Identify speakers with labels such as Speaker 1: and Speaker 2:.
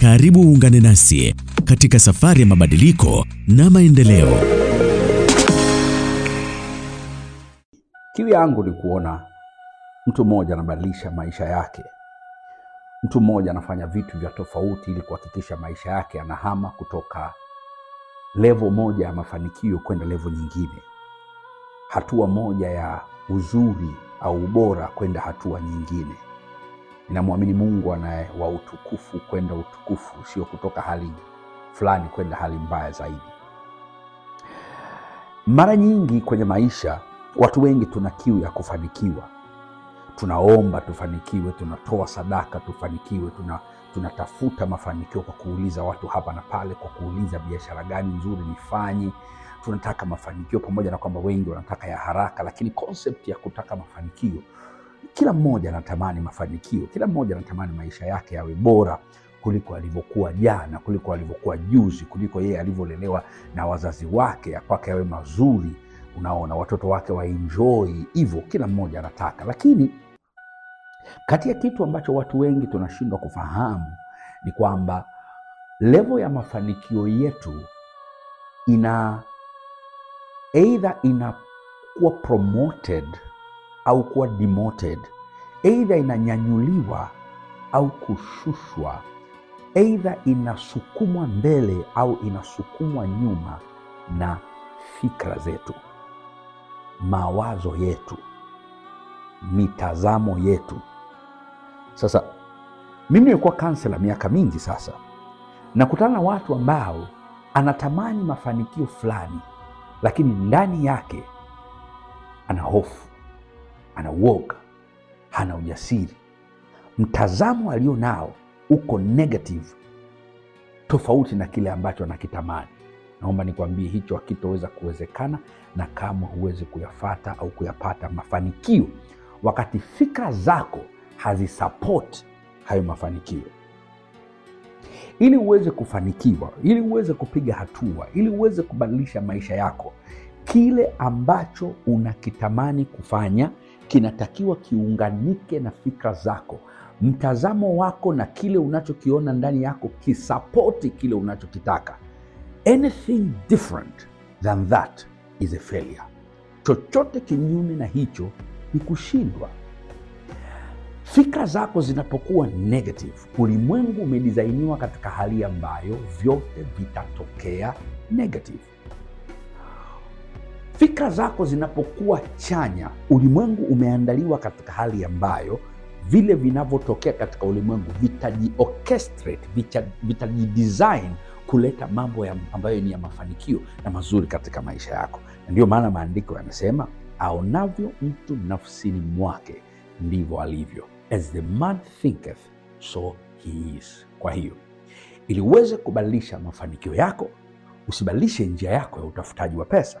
Speaker 1: Karibu uungane nasi katika safari ya mabadiliko na maendeleo.
Speaker 2: Kiu yangu ni kuona mtu mmoja anabadilisha maisha yake, mtu mmoja anafanya vitu vya tofauti ili kuhakikisha maisha yake anahama kutoka levo moja ya mafanikio kwenda levo nyingine, hatua moja ya uzuri au ubora kwenda hatua nyingine. Ninamwamini Mungu anaye wa utukufu kwenda utukufu, sio kutoka hali fulani kwenda hali mbaya zaidi. Mara nyingi kwenye maisha, watu wengi tuna kiu ya kufanikiwa. Tunaomba tufanikiwe, tunatoa sadaka tufanikiwe, tuna tunatafuta mafanikio kwa kuuliza watu hapa na pale, kwa kuuliza biashara gani nzuri nifanye. Tunataka mafanikio, pamoja na kwamba wengi wanataka ya haraka, lakini konsepti ya kutaka mafanikio kila mmoja anatamani mafanikio, kila mmoja anatamani maisha yake yawe bora kuliko alivyokuwa jana, kuliko alivyokuwa juzi, kuliko yeye alivyolelewa na wazazi wake, ya kwake yawe mazuri, unaona watoto wake waenjoi. Hivyo kila mmoja anataka, lakini kati ya kitu ambacho watu wengi tunashindwa kufahamu ni kwamba levo ya mafanikio yetu ina aidha inakuwa promoted au kuwa demoted, aidha inanyanyuliwa au kushushwa, aidha inasukumwa mbele au inasukumwa nyuma na fikra zetu, mawazo yetu, mitazamo yetu. Sasa mimi nimekuwa kansela miaka mingi sasa, nakutana na watu ambao anatamani mafanikio fulani, lakini ndani yake ana hofu ana uoga, hana ujasiri. Mtazamo alio nao uko negative, tofauti na kile ambacho anakitamani. Naomba nikwambie hicho hakitoweza kuwezekana, na kama huwezi kuyafata au kuyapata mafanikio wakati fikra zako hazisapoti hayo mafanikio. Ili uweze kufanikiwa, ili uweze kupiga hatua, ili uweze kubadilisha maisha yako, kile ambacho unakitamani kufanya kinatakiwa kiunganike na fikra zako, mtazamo wako na kile unachokiona ndani yako kisapoti kile unachokitaka. Anything different than that is a failure. Chochote kinyume na hicho ni kushindwa. Fikra zako zinapokuwa negative, ulimwengu umedisainiwa katika hali ambayo vyote vitatokea negative. Fikra zako zinapokuwa chanya, ulimwengu umeandaliwa katika hali ambayo vile vinavyotokea katika ulimwengu vitajiorchestrate, vitajidesign kuleta mambo ya ambayo ni ya mafanikio na mazuri katika maisha yako. Na ndiyo maana maandiko yanasema aonavyo mtu nafsini mwake ndivyo alivyo, as the man thinketh so he is. Kwa hiyo ili uweze kubadilisha mafanikio yako, usibadilishe njia yako ya utafutaji wa pesa